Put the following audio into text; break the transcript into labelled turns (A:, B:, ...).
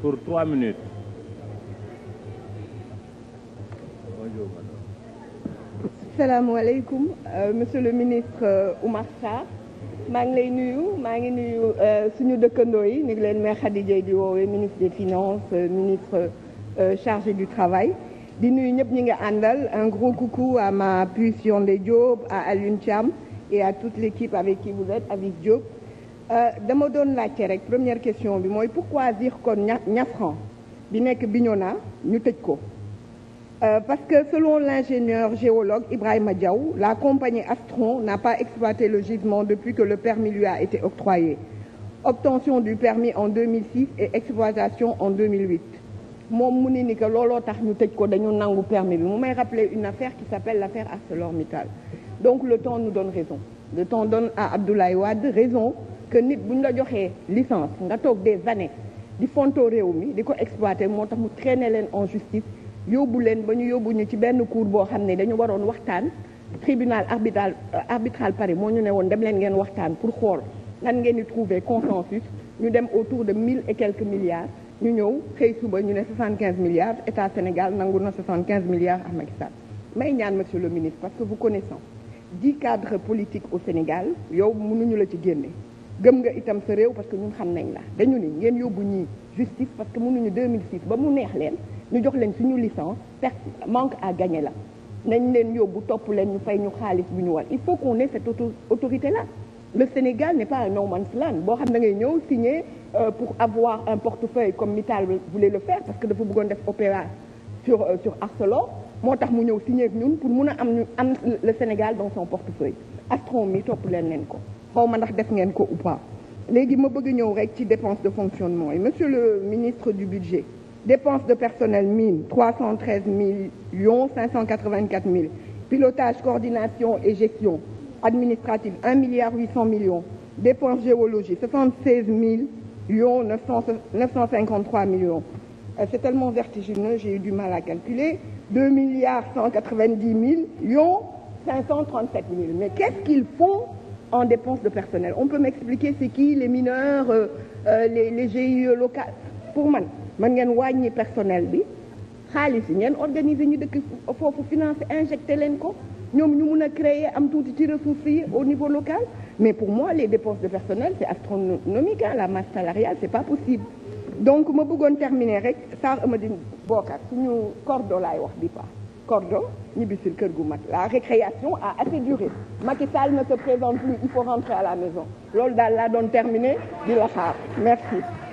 A: pour trois minutes. Bonjour, madame. Salaamu aleykum, euh, monsieur le ministre euh, Oumar Sarr. maa ngi lay nuyu maa ngi nuyu euh, suñu dëkkandoo yi ni ngi leen Mère Khady di woowee ministre des finances euh, ministre chargé du travail di nuyu ñëpp ñi nga àndal un gros coucou à ma puce Yondé Diop à Alioune Thiam et à toute l'équipe avec qui vous êtes avec Diop Euh, dama doon laajte rek première question bi mooy pourquoi zircon Niafran bi nekk Bignona ñu tëj ko euh, parce que selon l'ingénieur géologue Ibrahima Diaw la compagnie Astron n'a pas exploité le gisement depuis que le permis lui a été octroyé obtention du permis en 2006 et exploitation en 2008 moom mu ni ni que looloo tax ñu tëj ko dañu nangu permis bi mu may rappeler une affaire qui s'appelle l'affaire ArcelorMittal donc le temps nous donne raison le temps donne à Abdoulaye Wade que nit bu ñu la joxee licence nga toog des années di fonto réew mi di ko exploité moo tax mu traîner leen en justice yóbbu leen ba ñu yóbbu ñu ci benn cour boo xam ne dañu waroon waxtaan tribunal arbitral euh, arbitral Paris moo ñu ne woon dem leen ngeen waxtaan pour xool nan ngeen di trouver consensus ñu dem autour de mille et quelques milliards ñu ñëw xëy suba ñu ne 75 milliards état Sénégal nangu na 75 milliards à Macky Sall may ñaan monsieur le ministre parce que vous connaissant dix cadres politiques au Sénégal yow mënuñu la ci génne gëm nga itam sa réew parce que ñun xam nañ la dañu ni ngeen yóbbu ñii justice parce que mënuñu 2006 ba mu neex leen ñu jox leen suñu licence perte manque à gagner la nañ leen yóbbu topp leen ñu fay ñu xaalis bu ñu war il faut qu'on ait cette autorité là le Sénégal n'est pas un no man's boo xam da ngay ñëw signer euh, pour avoir un portefeuille comme Mittal voulait le faire parce que dafa bëggoon def opéra sur euh, sur Arcelor moo tax mu ñëw signer ak ñun pour mun a am ñu am le Sénégal dans son portefeuille Astron mi topp leen leen ko xaw ma ndax def ngeen ko ou pas léegi bëgg ñëw rek ci dépense de fonctionnement yi monsieur le ministre du budget de personnel mine 313 millions 584 mille pilotage coordination et gestion administrative 1 milliard 800 millions dépense géologie 76 millions 953 euh, millions c'est tellement vertigineux j'ai eu du mal à calculer 2 milliards 190 millions 537 mille mais qu'est-ce qu'ils en dépenses de personnel on peut m'expliquer c'est qui les mineurs euh, euh, les les GIE locales pour man man ngeen wàññi personnel bi xaalis yi ngeen organiser ñu dëkk foofu financer injecter leen ko ñoom ñu mun a créer am tuuti ci ressources yi au niveau local mais pour moi les dépenses de personnel c'est astronomique hein, la masse salariale c'est pas possible donc ma bëggoon terminer rek Sarr Amadou Bokar suñu cordo laay wax bi pas cordon ñibbisil kër gu mag la récréation a assez duré Macky Sall ne se présente plus il faut rentrer à la maison loolu daal laa doon terminer di la xaar merci